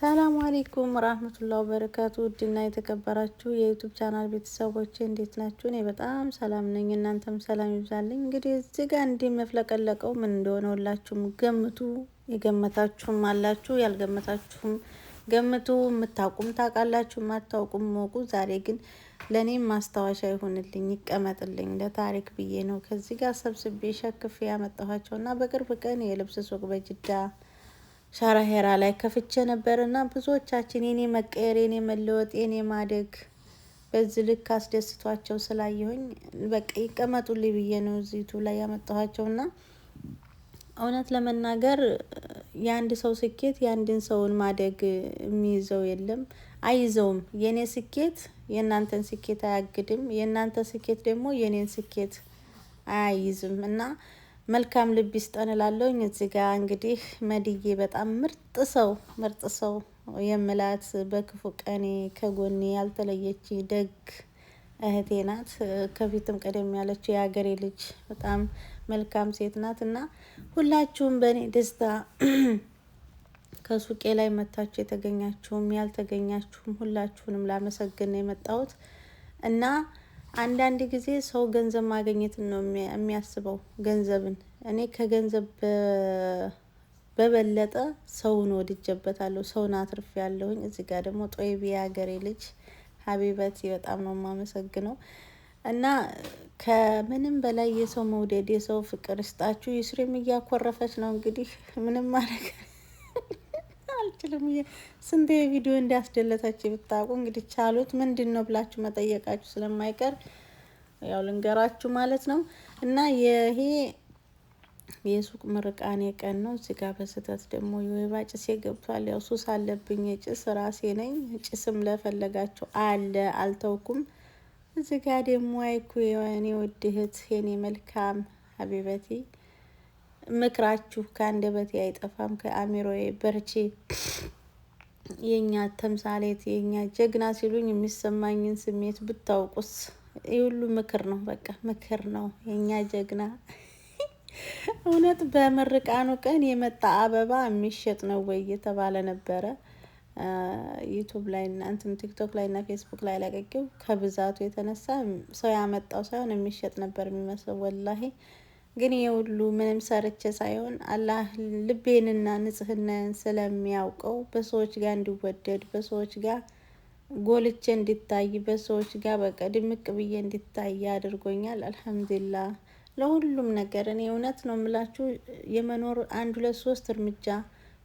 ሰላም አሌይኩም ራህመቱላህ በረካቱ ውድና የተከበራችሁ የዩቱብ ቻናል ቤተሰቦች እንዴት ናችሁ? እኔ በጣም ሰላም ነኝ፣ እናንተም ሰላም ይብዛልኝ። እንግዲህ እዚህ ጋር እንዲህ መፍለቀለቀው ምን እንደሆነ ሁላችሁም ገምቱ። የገመታችሁም አላችሁ፣ ያልገመታችሁም ገምቱ። የምታውቁም ታውቃላችሁ፣ ማታውቁም ሞቁ። ዛሬ ግን ለእኔም ማስታወሻ ይሁንልኝ፣ ይቀመጥልኝ፣ ለታሪክ ብዬ ነው ከዚህ ጋር ሰብስቤ ሸክፍ ያመጣኋቸው እና በቅርብ ቀን የልብስ ሱቅ በጅዳ ሻራ ሄራ ላይ ከፍቼ ነበር እና ብዙዎቻችን የኔ መቀየር፣ የኔ መለወጥ፣ የኔ ማደግ በዚህ ልክ አስደስቷቸው ስላየሁኝ በቃ ይቀመጡልኝ ብዬ ነው እዚቱ ላይ ያመጣኋቸው እና እውነት ለመናገር የአንድ ሰው ስኬት የአንድን ሰውን ማደግ የሚይዘው የለም፣ አይይዘውም። የእኔ ስኬት የእናንተን ስኬት አያግድም፣ የእናንተ ስኬት ደግሞ የእኔን ስኬት አያይዝም እና መልካም ልብ ይስጠን እላለሁ። እዚህ ጋር እንግዲህ መድዬ በጣም ምርጥ ሰው ምርጥ ሰው የምላት በክፉ ቀኔ ከጎኔ ያልተለየች ደግ እህቴ ናት። ከፊትም ቀደም ያለችው የሀገሬ ልጅ በጣም መልካም ሴት ናት እና ሁላችሁም በእኔ ደስታ ከሱቄ ላይ መታችሁ የተገኛችሁም ያልተገኛችሁም ሁላችሁንም ላመሰግን የመጣሁት እና አንዳንድ ጊዜ ሰው ገንዘብ ማግኘትን ነው የሚያስበው ገንዘብን። እኔ ከገንዘብ በበለጠ ሰውን ወድጀበታለሁ፣ ሰውን አትርፍ ያለሁኝ። እዚህ ጋር ደግሞ ጦይቢ የሀገሬ ልጅ ሀቢበት በጣም ነው የማመሰግነው። እና ከምንም በላይ የሰው መውደድ የሰው ፍቅር ስጣችሁ። ይስሪም እያኮረፈች ነው እንግዲህ ምንም ማድረግ አልችልም። ስንት ቪዲዮ እንዲያስደለታች ብታውቁ እንግዲህ ቻሉት ምንድን ነው ብላችሁ መጠየቃችሁ ስለማይቀር ያው ልንገራችሁ ማለት ነው። እና ይሄ የሱቅ ምርቃኔ ቀን ነው። እዚህ ጋር በስህተት ደግሞ የወይባ ጭሴ ገብቷል። ያው ሱስ አለብኝ፣ ጭስ ራሴ ነኝ። ጭስም ለፈለጋችሁ አለ አልተውኩም። እዚህ ጋር ደግሞ አይኩ የኔ ውድ እህት የኔ መልካም አቤበቴ ምክራችሁ ከአንደበቴ አይጠፋም፣ ከአሚሮዬ በርቺ፣ የእኛ ተምሳሌት፣ የእኛ ጀግና ሲሉኝ የሚሰማኝን ስሜት ብታውቁስ። ይህ ሁሉ ምክር ነው፣ በቃ ምክር ነው። የእኛ ጀግና እውነት በምርቃኑ ቀን የመጣ አበባ የሚሸጥ ነው ወይ እየተባለ ነበረ። ዩቱብ ላይ እና እንትን ቲክቶክ ላይ እና ፌስቡክ ላይ ለቀቂው ከብዛቱ የተነሳ ሰው ያመጣው ሳይሆን የሚሸጥ ነበር የሚመስለው ወላሄ ግን ይህ ሁሉ ምንም ሰርቼ ሳይሆን አላህ ልቤንና ንጽህናን ስለሚያውቀው በሰዎች ጋር እንዲወደድ በሰዎች ጋር ጎልቼ እንዲታይ በሰዎች ጋር በቃ ድምቅ ብዬ እንዲታይ አድርጎኛል። አልሐምዱላ ለሁሉም ነገር እኔ እውነት ነው የምላችሁ የመኖር አንድ ሁለት ሶስት እርምጃ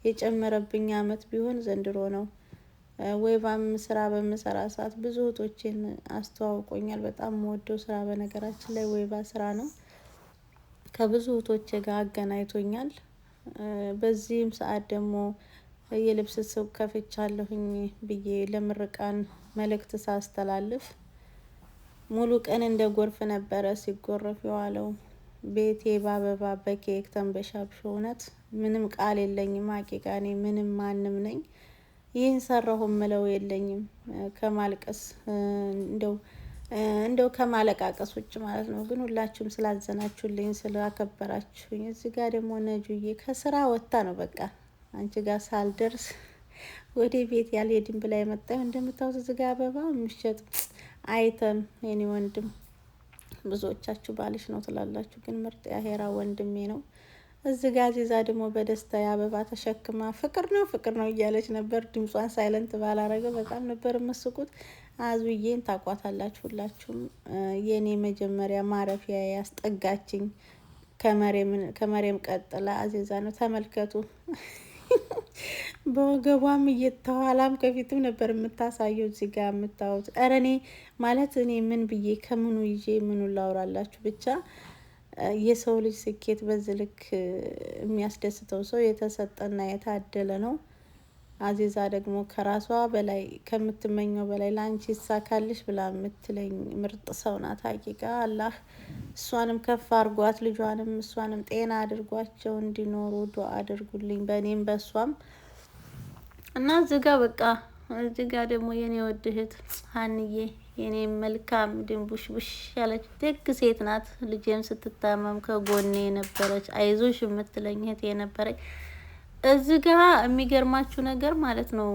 የጨመረብኝ አመት ቢሆን ዘንድሮ ነው። ወይባም ስራ በምሰራ ሰዓት ብዙ እህቶችን አስተዋውቆኛል። በጣም ወደው ስራ በነገራችን ላይ ወይባ ስራ ነው። ከብዙ እህቶቼ ጋር አገናኝቶኛል። በዚህም ሰዓት ደግሞ የልብስ ሱቅ ከፍቻለሁኝ ብዬ ለምርቃን መልእክት ሳስተላልፍ ሙሉ ቀን እንደ ጎርፍ ነበረ ሲጎረፍ የዋለው። ቤቴ በአበባ በኬክ ተንበሻብሾ። እውነት ምንም ቃል የለኝም። አቂቃኔ እኔ ምንም ማንም ነኝ። ይህን ሰራሁ ምለው የለኝም ከማልቀስ እንደው እንደው ከማለቃቀስ ውጭ ማለት ነው። ግን ሁላችሁም ስላዘናችሁልኝ ስላከበራችሁኝ፣ እዚህ ጋር ደግሞ ነጁዬ ከስራ ወጥታ ነው በቃ አንቺ ጋር ሳልደርስ ወደ ቤት ያልሄድን ብላ የመጣ እንደምታውስ እዚህ ጋር አበባ የሚሸጥ አይተም የኔ ወንድም ብዙዎቻችሁ ባልሽ ነው ትላላችሁ፣ ግን ምርጥ ያሄራ ወንድሜ ነው። እዚ ጋ ዚዛ ደግሞ በደስታ የአበባ ተሸክማ ፍቅር ነው ፍቅር ነው እያለች ነበር። ድምጿን ሳይለንት ባላረገ በጣም ነበር የምስቁት። አዙዬን ታቋታላችሁ ሁላችሁም። የኔ መጀመሪያ ማረፊያ ያስጠጋችኝ ከመሬም ቀጥላ አዜዛ ነው። ተመልከቱ። በወገቧም እየተኋላም ከፊትም ነበር የምታሳየው። እዚህ ጋር የምታዩት ኧረ እኔ ማለት እኔ ምን ብዬ ከምኑ ይዤ ምኑ ላውራላችሁ ብቻ የሰው ልጅ ስኬት በዚህ ልክ የሚያስደስተው ሰው የተሰጠና የታደለ ነው። አዚዛ ደግሞ ከራሷ በላይ ከምትመኘው በላይ ለአንቺ ይሳካልሽ ብላ የምትለኝ ምርጥ ሰው ናት። ሀቂቃ አላህ እሷንም ከፍ አድርጓት ልጇንም እሷንም ጤና አድርጓቸው እንዲኖሩ ዱአ አድርጉልኝ በእኔም በእሷም እና እዚህ በቃ እዚጋ ደግሞ የኔ ወድ እህት ሀንዬ የኔ መልካም ቡሽ ያለች ደግ ሴት ናት። ልጄም ስትታመም ከጎኔ የነበረች አይዞሽ የምትለኝ እህት የነበረች እዚህ ጋ የሚገርማችሁ ነገር ማለት ነው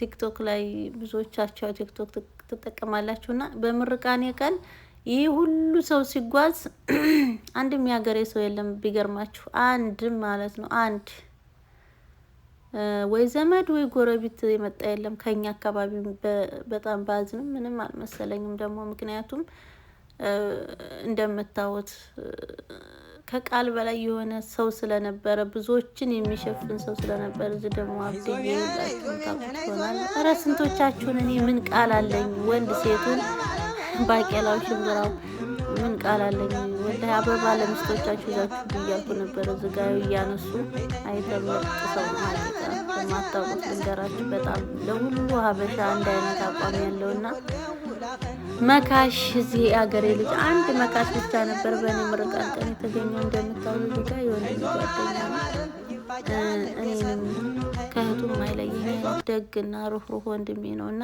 ቲክቶክ ላይ ብዙዎቻቸው ቲክቶክ ትጠቀማላችሁና በምርቃኔ ቀን ይህ ሁሉ ሰው ሲጓዝ አንድም የሀገሬ ሰው የለም። ቢገርማችሁ አንድም ማለት ነው አንድ ወይ ዘመድ ወይ ጎረቤት የመጣ የለም ከኛ አካባቢ። በጣም ባዝንም ምንም አልመሰለኝም ደግሞ ምክንያቱም እንደምታዩት ከቃል በላይ የሆነ ሰው ስለነበረ ብዙዎችን የሚሸፍን ሰው ስለነበረ፣ እዚህ ደግሞ አብደሆናል። እረ ስንቶቻችሁን እኔ ምን ቃል አለኝ ወንድ ሴቱን ባቄላው ሽምብራው ምን ቃል አለኝ ወደ አበባ ለሚስቶቻችሁ ይዛችሁ እያልኩ ነበረ። ዝጋዩ እያነሱ አይተመርጥ ሰው ማለቃ የማታውቁት ልንገራችሁ። በጣም ለሁሉ ሀበሻ አንድ አይነት አቋም ያለውና መካሽ እዚህ አገሬ ልጅ አንድ መካሽ ብቻ ነበር በእኔ ምርቃት ቀን የተገኘው። እንደምታውሉ ልጋ የወንድ ጓደኛ እኔንም ከእህቱም አይለየኝ ደግና ሩህሩህ ወንድሜ ነው እና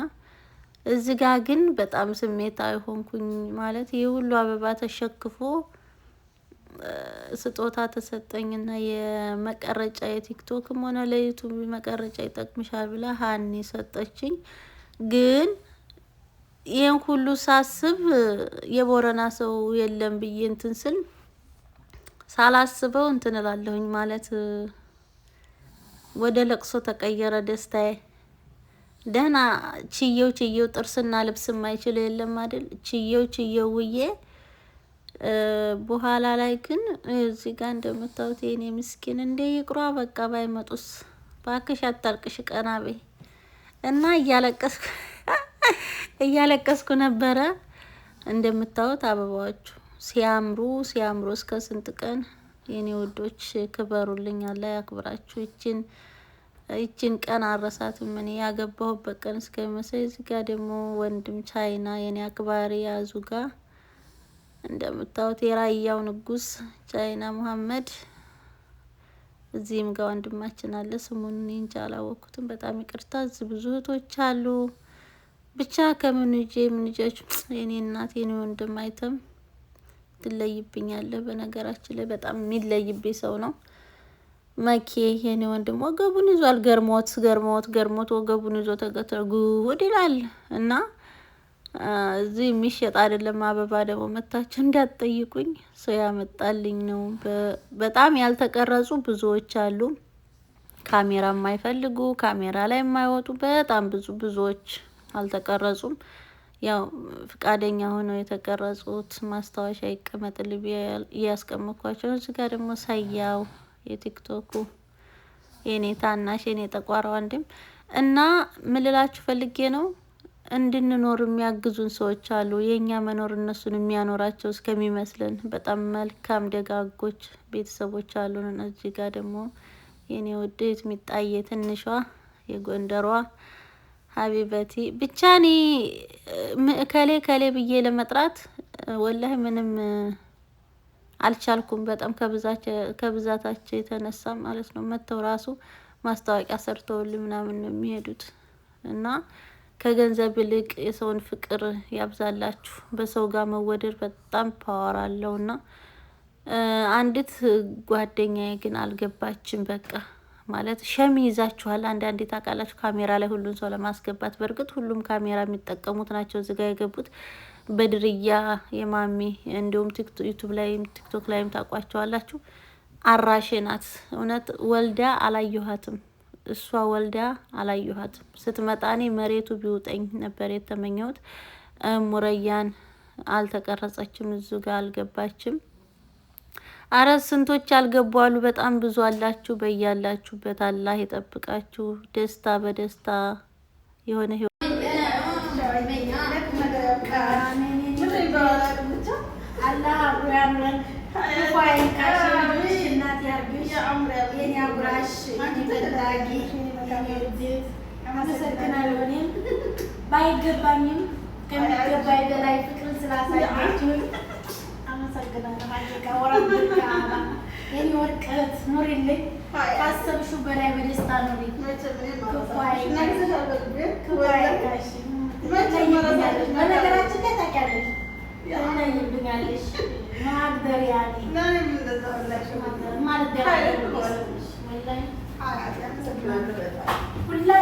እዚህ ጋ ግን በጣም ስሜታዊ ሆንኩኝ። ማለት ይህ ሁሉ አበባ ተሸክፎ ስጦታ ተሰጠኝና የመቀረጫ የቲክቶክም ሆነ ለዩቱብ መቀረጫ ይጠቅምሻል ብላ ሀኒ ሰጠችኝ ግን ይህን ሁሉ ሳስብ የቦረና ሰው የለም ብዬ እንትን ስል ሳላስበው እንትን እላለሁኝ ማለት ወደ ለቅሶ ተቀየረ ደስታዬ። ደህና ችየው ችየው ጥርስና ልብስ የማይችል የለም አይደል? ችየው ችየው ውዬ በኋላ ላይ ግን እዚህ ጋር እንደምታዩት የኔ ምስኪን እንደ ይቅሯ በቃ ባይመጡስ፣ ባክሽ አታልቅሽ፣ ቀና እና እያለቀስኩ እያለቀስኩ ነበረ። እንደምታዩት አበባዎቹ ሲያምሩ ሲያምሩ እስከ ስንት ቀን የኔ ውዶች ክበሩልኝ፣ አላ ያክብራችሁ። ይችን ይችን ቀን አረሳት ምን ያገባሁበት ቀን እስከሚመስለኝ። እዚህ ጋር ደግሞ ወንድም ቻይና የኔ አክባሪ ያዙ ጋ እንደምታዩት የራያው ንጉስ ቻይና መሀመድ እዚህም ጋር ወንድማችን አለ። ስሙን እንጃ አላወቅኩትም፣ በጣም ይቅርታ። እዚህ ብዙ እህቶች አሉ። ብቻ ከምን እጄ ምን እጃችሁ የኔ እናት የኔ ወንድም አይተም ትለይብኛለ በነገራችን ላይ በጣም የሚለይብኝ ሰው ነው መኬ የኔ ወንድም ወገቡን ይዟል። ገርሞት ገርሞት ገርሞት ወገቡን ይዞ ውድ ይላል እና እዚህ የሚሸጥ አይደለም። አበባ ደግሞ መታችሁ እንዳትጠይቁኝ ሰው ያመጣልኝ ነው። በጣም ያልተቀረጹ ብዙዎች አሉ። ካሜራ የማይፈልጉ ካሜራ ላይ የማይወጡ በጣም ብዙ ብዙዎች አልተቀረጹም። ያው ፍቃደኛ ሆነው የተቀረጹት ማስታወሻ ይቀመጥል እያስቀመኳቸው። ነው። እዚህ ጋር ደግሞ ሳያው የቲክቶኩ የኔ ታናሽ የኔ ጠቋራ ወንድም እና ምልላችሁ ፈልጌ ነው እንድንኖር የሚያግዙን ሰዎች አሉ። የእኛ መኖር እነሱን የሚያኖራቸው እስከሚመስልን በጣም መልካም ደጋጎች ቤተሰቦች አሉን። እዚህ ጋር ደግሞ የኔ ውድ ሚጣዬ ትንሿ የጎንደሯ ሀቢበቲ ብቻ እኔ ከሌ ከሌ ብዬ ለመጥራት ወላህ ምንም አልቻልኩም። በጣም ከብዛታቸው የተነሳ ማለት ነው። መጥተው ራሱ ማስታወቂያ ሰርተውል ምናምን ነው የሚሄዱት እና ከገንዘብ ይልቅ የሰውን ፍቅር ያብዛላችሁ። በሰው ጋር መወደድ በጣም ፓወር አለው እና አንዲት ጓደኛዬ ግን አልገባችም በቃ ማለት ሸሚ ይዛችኋል። አንዳንዴ ታውቃላችሁ፣ ካሜራ ላይ ሁሉን ሰው ለማስገባት በእርግጥ ሁሉም ካሜራ የሚጠቀሙት ናቸው። እዚጋ የገቡት በድርያ የማሚ እንዲሁም ዩቱብ ላይም ቲክቶክ ላይም ታውቋቸዋላችሁ። አራሼ ናት። እውነት ወልዳ አላየኋትም። እሷ ወልዳ አላየኋትም። ስትመጣ እኔ መሬቱ ቢውጠኝ ነበር የተመኘሁት። ሙረያን አልተቀረጸችም፣ እዙ ጋር አልገባችም። አረ ስንቶች አልገቡ አሉ። በጣም ብዙ አላችሁ። በያላችሁበት አላህ የጠብቃችሁ። ደስታ በደስታ የሆነ ህይወት ባይገባኝም ከሚገባኝ በላይ ፍቅር ስላሳያችሁ አመሰግናለሁ። የኔ ወርቀት በላይ በደስታ ኑሪ። በነገራችን ላይ ታውቂያለሽ፣ ትለይብኛለሽ ማደሪያ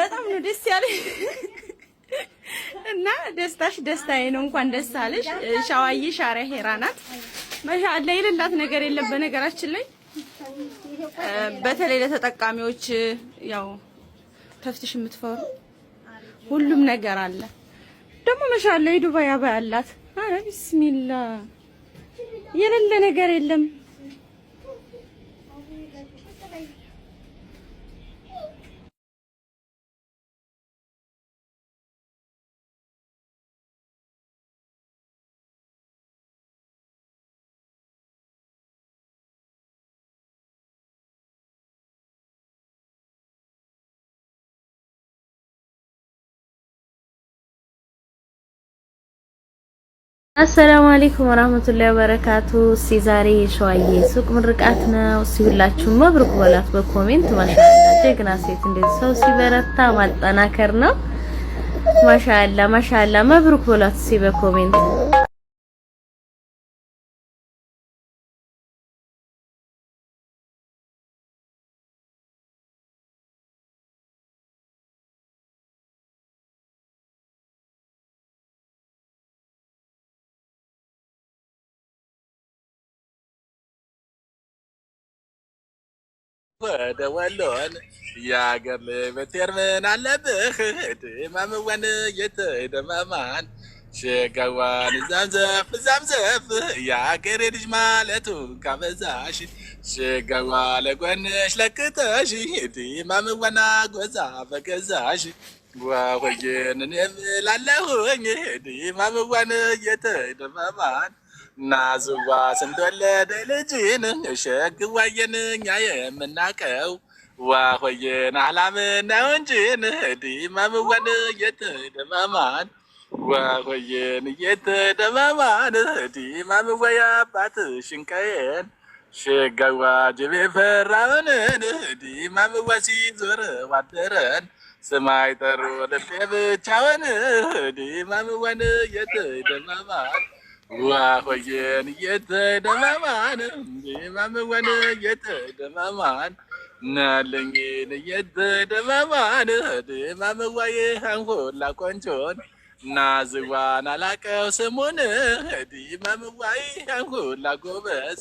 በጣም ነው ደስ ያለኝ እና ደስታሽ ደስታዬ ነው። እንኳን ደስ አለሽ ሻዋዬ። ሻሪያ ሄራ ናት ማሻአላ፣ የሌላት ነገር የለም። በነገራችን ላይ በተለይ ለተጠቃሚዎች ያው ተፍትሽ የምትፈሩ ሁሉም ነገር አለ። ደግሞ ማሻአላ የዱባይ አበባ ያላት አረ ቢስሚላ የሌለ ነገር የለም። አሰላሙ አለይኩም ወራህመቱላሂ ወበረካቱ። እስኪ ዛሬ የሸዋዬ ሱቅ ምርቃት ነው። እስኪ ሁላችሁም መብሩክ በላት በኮሜንት ማሻአላ። ጀግና ሴት እንደዚህ ሰው ሲበረታ ማጠናከር ነው። ማሻአላ ማሻአላ፣ መብሩክ በላት እስኪ በኮሜንት ወደ ወሎን የአገር ልብቴር ምን አለብህ ድማምወን የተደማማን ሸጋዋን ዛምዘፍ ዛምዘፍ የአገሬ ልጅ ማለቱ ካበዛሽ ሸጋዋ ለጎንሽ ለክተሽ ድማምወና ጎዛ በገዛሽ ዋሆየንን የምላለሁኝ ድማምወን የተደማማን ናዝዋ ስንትወለደ ልጅን ሸግዋየን ያ የምናቀው ዋሆየን አላምና ወንጅን ዲማምወን እየተደማማን ዋሆየን እየተደማማን ዲማምወያ አባት ሽንቀየን ሽጋዋ ጅቤ ፈራውንን ዲማምዋ ሲዞር ዋደረን ስማይጠሩ ልቤ ብቻውን ዲማምወን እየተደማማን ዋሆየን እየተደማማን ማምወን እየተደማማን ናለኝን እየተደማማን ማምዋዬ አንሁላ ቆንጆን ናዝዋን አላቀው ስሙን ዲ ማምዋይ ጎበዝ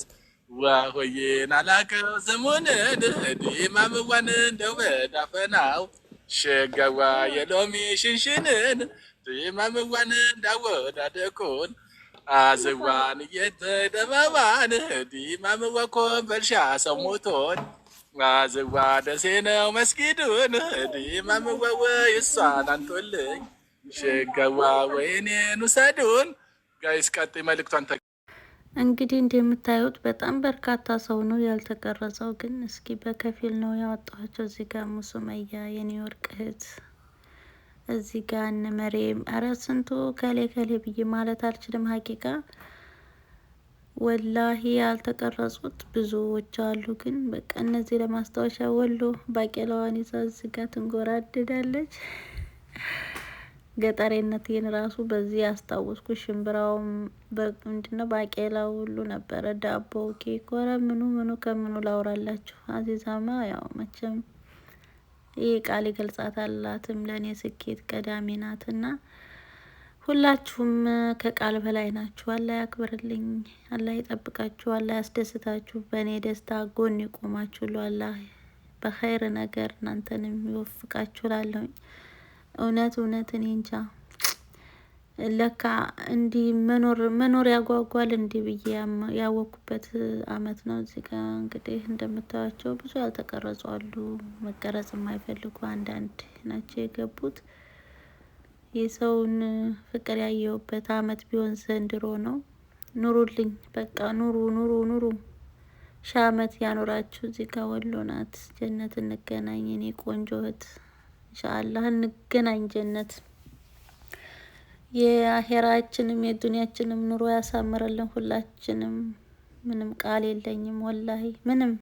ዋሆየን አላቀው ስሙን ዲ እንደው በዳፈናው ሸጋዋ የሎሚ ሽንሽንን ማምዋን ዲማም ሰው ሞቶን አዝዋ ደሴ ነው መስጊዱን ዲማም አንቶልኝ ሽገዋ ወይኔን ውሰዱን። ጋይስ መልእክቷን እንግዲህ እንደምታዩት በጣም በርካታ ሰው ነው ያልተቀረጸው፣ ግን እስኪ በከፊል ነው ያወጣኋቸው። እዚህ ጋር ሙሱመያ የኒውዮርቅ እህት እዚህ ጋር መሬም ኧረ ስንቱ ከሌ ከሌ ብዬ ማለት አልችልም። ሀቂቃ ወላሂ ያልተቀረጹት ብዙዎች አሉ። ግን በቃ እነዚህ ለማስታወሻ ወሎ ባቄላዋን ይዛ እዚህ ጋር ትንጎራድዳለች። ገጠሬነቴን ራሱ በዚህ ያስታወስኩ። ሽምብራውም ምንድነው ባቄላው ሁሉ ነበረ። ዳቦው፣ ኬክ፣ ኮረ ምኑ ምኑ ከምኑ ላውራላችሁ። አዚዛማ ያው መቼም ይህ ቃል ይገልጻታል። ለእኔ ስኬት ቀዳሚ ናትና ሁላችሁም ከቃል በላይ ናችሁ። አላህ ያክብርልኝ፣ አላህ ይጠብቃችሁ፣ አላህ ያስደስታችሁ። በእኔ ደስታ ጎን ይቆማችሁ። አላህ በኸይር ነገር እናንተንም ይወፍቃችሁ። ላለሁኝ እውነት እውነትን እንጃ ለካ እንዲህ መኖር መኖር ያጓጓል እንዲህ ብዬ ያወኩበት አመት ነው። እዚህ ጋ እንግዲህ እንደምታዩቸው ብዙ ያልተቀረጹ አሉ። መቀረጽ የማይፈልጉ አንዳንድ ናቸው የገቡት። የሰውን ፍቅር ያየውበት አመት ቢሆን ዘንድሮ ነው። ኑሩልኝ፣ በቃ ኑሩ፣ ኑሩ፣ ኑሩ ሺ አመት ያኖራችሁ። እዚህ ጋ ወሎ ናት ጀነት። እንገናኝ እኔ ቆንጆ እህት ኢንሻአላህ እንገናኝ ጀነት የአሄራችንም የዱንያችንም ኑሮ ያሳምርልን ሁላችንም። ምንም ቃል የለኝም ወላሂ ምንም